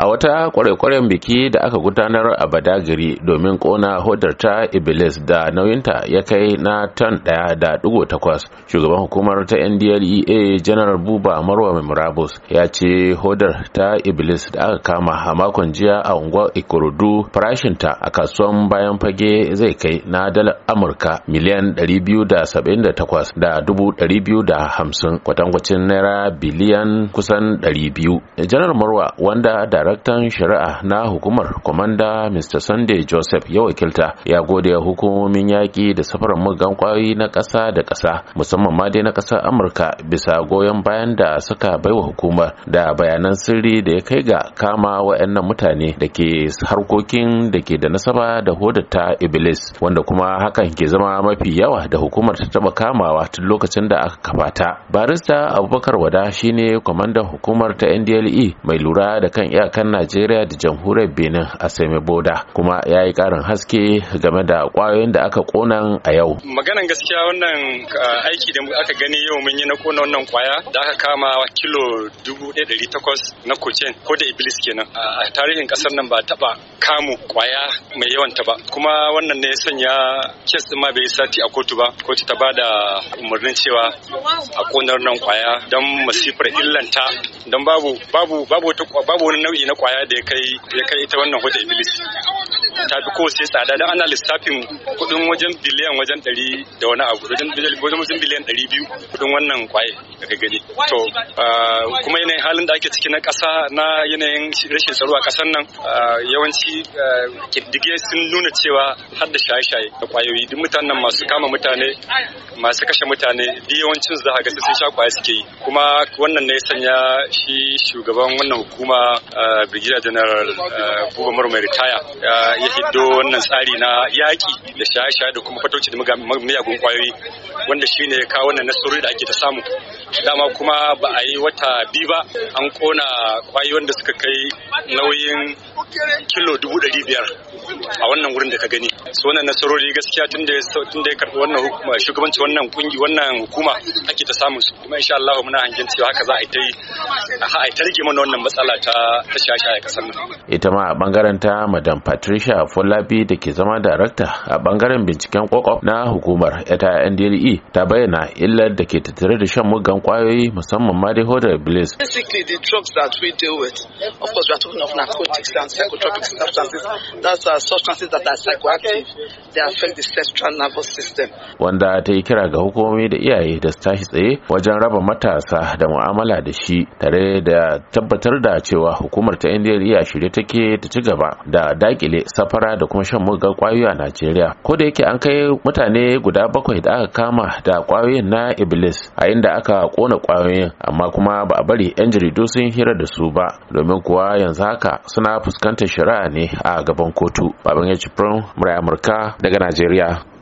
a wata kwarekwaren biki da aka gudanar a badagiri domin kona hodar ta iblis da nauyinta ya kai na tan ɗaya da dugo takwas shugaban hukumar ta ndlea janar buba marwa memorabus ya ce hodar ta iblis da aka kama a makon jiya a unguwar ikorodu farashinta a kasuwan bayan fage zai kai na dala amurka miliyan 278 da dubu 250 kwatankwacin naira biliyan kusan 200 janar marwa wanda da daraktan shari'a na hukumar kwamanda mr sunday joseph ya wakilta ya gode hukumomin yaƙi da safarar mugan kwayoyi na ƙasa da ƙasa musamman ma dai na ƙasar amurka bisa goyon bayan da suka baiwa hukumar da bayanan sirri da ya kai ga kama wa'annan mutane da ke harkokin da ke da nasaba da hodata iblis wanda kuma hakan ke zama mafi yawa da hukumar ta taɓa kamawa tun lokacin da aka kafa ta barista abubakar wada shine kwamandan hukumar ta ndle mai lura da kan iya iyakan najeriya da jamhuriyar benin a same boda kuma ya yi karin haske game da kwayoyin da aka kona a yau maganan gaskiya wannan ah, aiki da aka gani yau mun yi na kona wannan kwaya da aka kama kilo dubu na cocaine ko da iblis kenan a tarihin ƙasar nan ba taba kamu kwaya mai yawan ba kuma wannan ne sanya kes din ma bai sati a kotu ba kotu ta bada umarnin cewa a konar nan kwaya don masifar illanta don babu babu babu babu wani nau'i na kwaya da ya kai ya kai ita wannan hoda iblis ta fi sai tsada don ana lissafin kudin wajen biliyan wajen ɗari da wani abu wajen biliyan 200 biyu kudin wannan kwaye daga gani to uh, kuma yanayin halin da ake ciki na ƙasa na yanayin rashin tsaro a ƙasar nan uh, yawanci kiddige uh, sun nuna cewa har da shaye-shaye da kwayoyi duk mutanen masu kama mutane masu kashe mutane da yawancin za a ga sun sha kwaya suke yi kuma wannan ne ya sanya shi shugaban wannan hukuma brigadier general buba murmai ritaya ya hiddo wannan tsari na yaƙi da shaye-shaye da kuma fatoci da miyagun kwayoyi wanda shine ya kawo wannan nasarori da ake ta samu dama kuma kuma ba a yi wata biyu ba an kona kwayoyin da suka kai nauyin kilo dubu ɗari biyar a wannan wurin da ka gani su wannan nasarori gaskiya tun da ya karɓi wannan hukuma shugabanci wannan kungi wannan hukuma ake ta samun su kuma insha Allah muna hangen cewa haka za a yi a ta rage mana wannan matsala ta ta a kasar nan ita ma a bangaren ta madam Patricia Folabi da ke zama darakta a bangaren binciken kwakwaf na hukumar ta NDLE ta bayyana illar da ke tattare da shan muggan kwayoyi musamman ma dai hodar iblis basically the drugs that we deal with of course we are talking of narcotics and psychotropic substances that's uh, substances that are psychoactive they affect the central nervous system wanda ta yi kira ga hukumomi da iyaye da su tashi tsaye wajen raba matasa da mu'amala da shi tare da tabbatar da cewa hukumar ta indiya iya shirye take ta ci gaba da dakile safara da kuma shan mugar kwayoyi a najeriya ko da yake an kai mutane guda bakwai da aka kama da kwayoyin na iblis a inda aka kona kwayoyi ra'ayoyin amma kuma ba a bari 'yan jaridu sun hira da su ba domin kuwa yanzu haka suna fuskantar shari'a ne a gaban kotu babban ya cifrin murai amurka daga najeriya